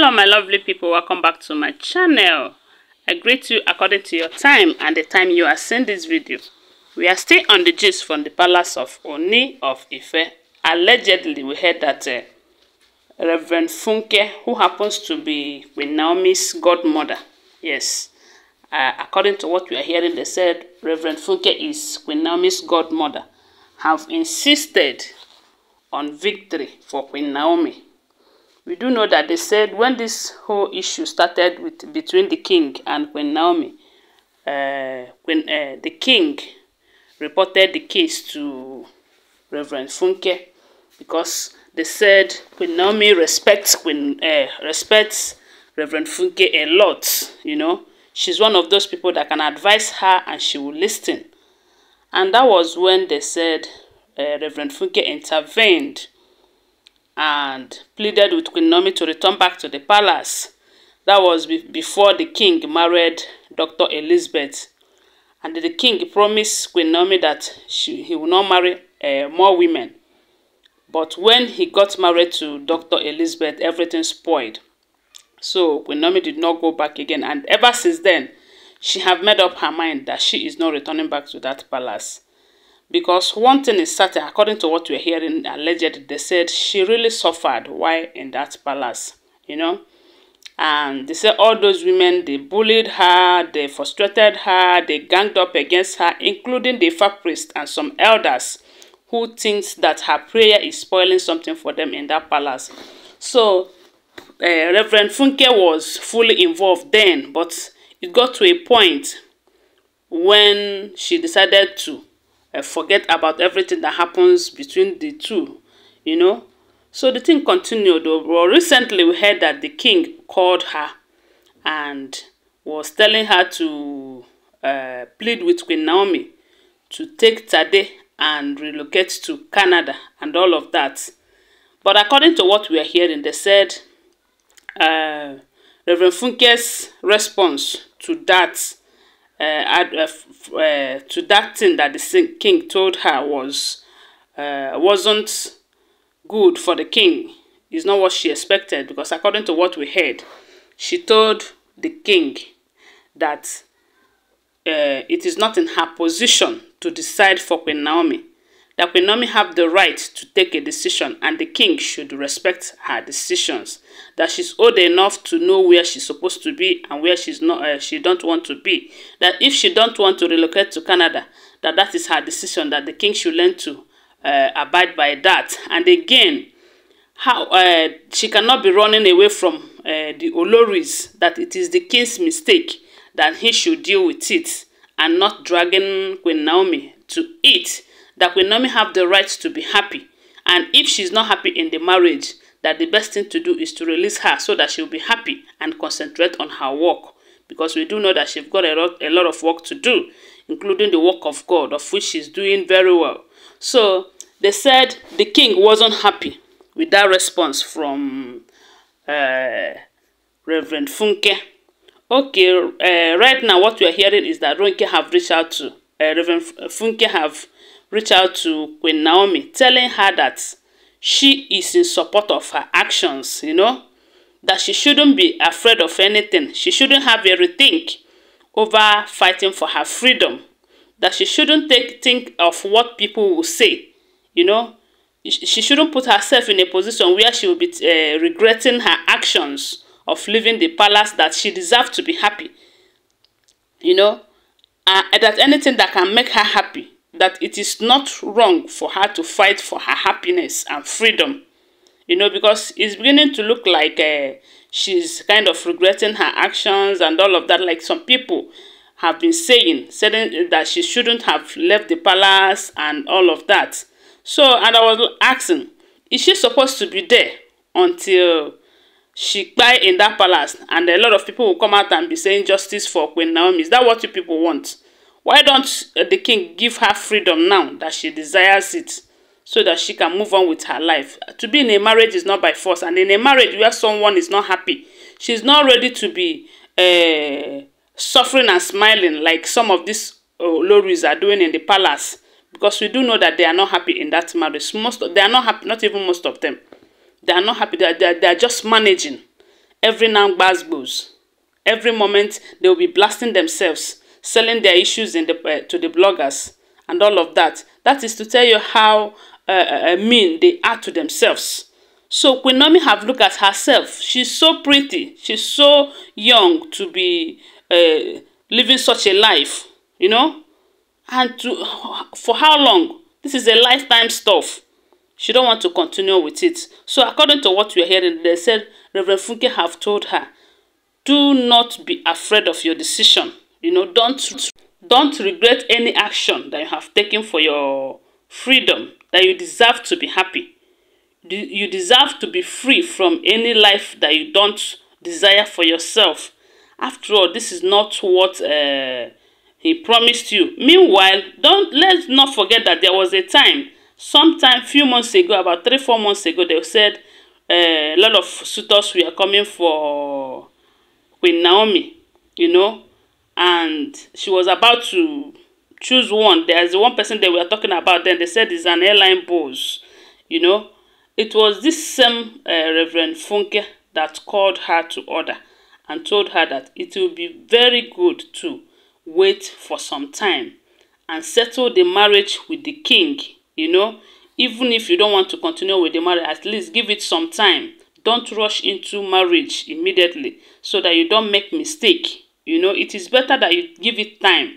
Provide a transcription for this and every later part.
hello my lovely people welcome back to my channel i greet you according to your time and the time you are seeing this video we are still on the gist from the palace of oni of ife allegedly we heard that uh, reverend funke who happens to be queen naomi's godmother yes uh, according to what we are hearing they said reverend funke is queen naomi's godmother have insisted on victory for queen naomi we do know that they said when this whole issue started with between the king and Queen Naomi, uh, when uh, the king reported the case to Reverend Funke because they said Queen Naomi respects Queen uh, respects Reverend Funke a lot. You know, she's one of those people that can advise her and she will listen. And that was when they said uh, Reverend Funke intervened and pleaded with Queen Nomi to return back to the palace. That was be before the king married Dr. Elizabeth. And the king promised Queen Nomi that she, he will not marry uh, more women. But when he got married to Dr. Elizabeth, everything spoiled. So Queen Nomi did not go back again. And ever since then, she have made up her mind that she is not returning back to that palace. Because one thing is certain, according to what we're hearing alleged, they said she really suffered while in that palace, you know. And they said all those women, they bullied her, they frustrated her, they ganged up against her, including the Ifa priest and some elders who thinks that her prayer is spoiling something for them in that palace. So uh, Reverend Funke was fully involved then, but it got to a point when she decided to Uh, forget about everything that happens between the two, you know. So the thing continued. Well, recently we heard that the king called her and was telling her to uh, plead with Queen Naomi to take Tade and relocate to Canada and all of that. But according to what we are hearing, they said uh, Reverend Funke's response to that uh, ad, uh, uh, to that thing that the king told her was uh, wasn't good for the king is not what she expected because according to what we heard, she told the king that uh, it is not in her position to decide for Queen Naomi that Queen Naomi have the right to take a decision and the king should respect her decisions. That she's old enough to know where she's supposed to be and where she's not, uh, she don't want to be. That if she don't want to relocate to Canada, that that is her decision. That the king should learn to uh, abide by that. And again, how uh, she cannot be running away from uh, the Oloris. That it is the king's mistake. That he should deal with it and not dragging Queen Naomi to it that we normally have the right to be happy. And if she's not happy in the marriage, that the best thing to do is to release her so that she'll be happy and concentrate on her work. Because we do know that she's got a lot, a lot of work to do, including the work of God, of which she's doing very well. So they said the king wasn't happy with that response from uh, Reverend Funke. Okay, uh, right now what we are hearing is that Ronke have reached out to uh, Reverend Funke have reach out to Queen Naomi, telling her that she is in support of her actions, you know, that she shouldn't be afraid of anything. She shouldn't have a rethink over fighting for her freedom, that she shouldn't take, think of what people will say, you know. She shouldn't put herself in a position where she will be uh, regretting her actions of leaving the palace that she deserves to be happy, you know, uh, that anything that can make her happy that it is not wrong for her to fight for her happiness and freedom. You know, because it's beginning to look like uh, she's kind of regretting her actions and all of that, like some people have been saying, saying that she shouldn't have left the palace and all of that. So, and I was asking, is she supposed to be there until she die in that palace? And a lot of people will come out and be saying justice for Queen Naomi. Is that what you people want? Why don't uh, the king give her freedom now that she desires it so that she can move on with her life? Uh, to be in a marriage is not by force. And in a marriage where someone is not happy, she's not ready to be uh, suffering and smiling like some of these uh, lorries are doing in the palace. Because we do know that they are not happy in that marriage. Most of, they are not happy, not even most of them. They are not happy. They are, they are, they are just managing. Every now, gbazgbos. Every moment, they will be blasting themselves selling their issues in the, uh, to the bloggers and all of that. That is to tell you how uh, mean they are to themselves. So Queen have looked at herself. She's so pretty. She's so young to be uh, living such a life, you know. And to for how long? This is a lifetime stuff. She don't want to continue with it. So according to what we are hearing, they said Reverend Funke have told her, do not be afraid of your decision. you know don't don't regret any action that you have taken for your freedom that you deserve to be happy you deserve to be free from any life that you don't desire for yourself after all this is not what uh, he promised you meanwhile don't let's not forget that there was a time sometime few months ago about three four months ago they said uh, a lot of suitors were coming for queen naomi you know and she was about to choose one. There's one person that we are talking about. Then they said it's an airline boss. You know, it was this same uh, Reverend Funke that called her to order and told her that it will be very good to wait for some time and settle the marriage with the king. You know, even if you don't want to continue with the marriage, at least give it some time. Don't rush into marriage immediately so that you don't make mistake you know it is better that you give it time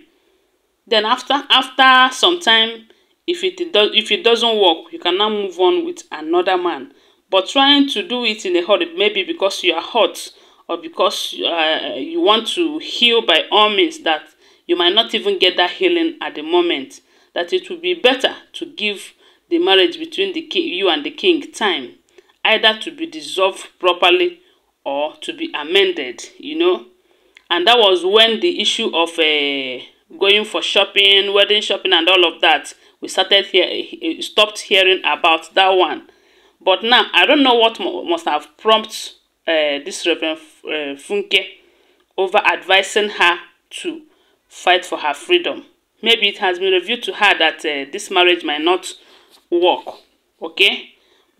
then after after some time if it does if it doesn't work you can now move on with another man but trying to do it in a hurry maybe because you are hot or because uh, you want to heal by all means that you might not even get that healing at the moment that it would be better to give the marriage between the king, you and the king time either to be dissolved properly or to be amended you know and that was when the issue of uh, going for shopping, wedding shopping, and all of that we started here stopped hearing about that one. But now I don't know what must have prompted uh, this Reverend uh, Funke over advising her to fight for her freedom. Maybe it has been revealed to her that uh, this marriage might not work. Okay.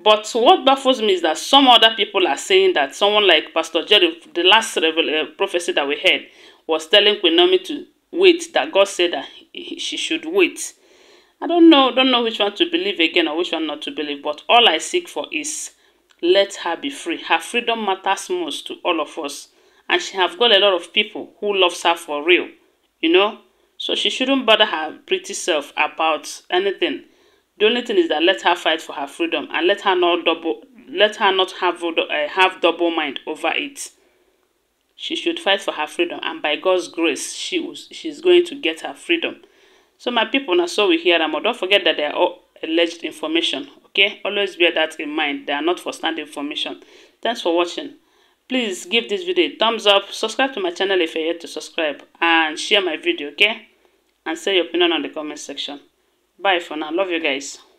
But what baffles me is that some other people are saying that someone like Pastor Jerry, the last revel- uh, prophecy that we heard, was telling Queen to wait, that God said that she should wait. I don't know, don't know which one to believe again or which one not to believe, but all I seek for is let her be free. Her freedom matters most to all of us. And she have got a lot of people who loves her for real, you know? So she shouldn't bother her pretty self about anything. The only thing is that let her fight for her freedom and let her not double let her not have uh, have double mind over it. She should fight for her freedom and by God's grace she was, she's going to get her freedom. So my people now so we hear them but don't forget that they are all alleged information. Okay? Always bear that in mind. They are not for stand information. Thanks for watching. Please give this video a thumbs up, subscribe to my channel if you're yet to subscribe, and share my video, okay? And say your opinion on the comment section. Bye for now. Love you guys.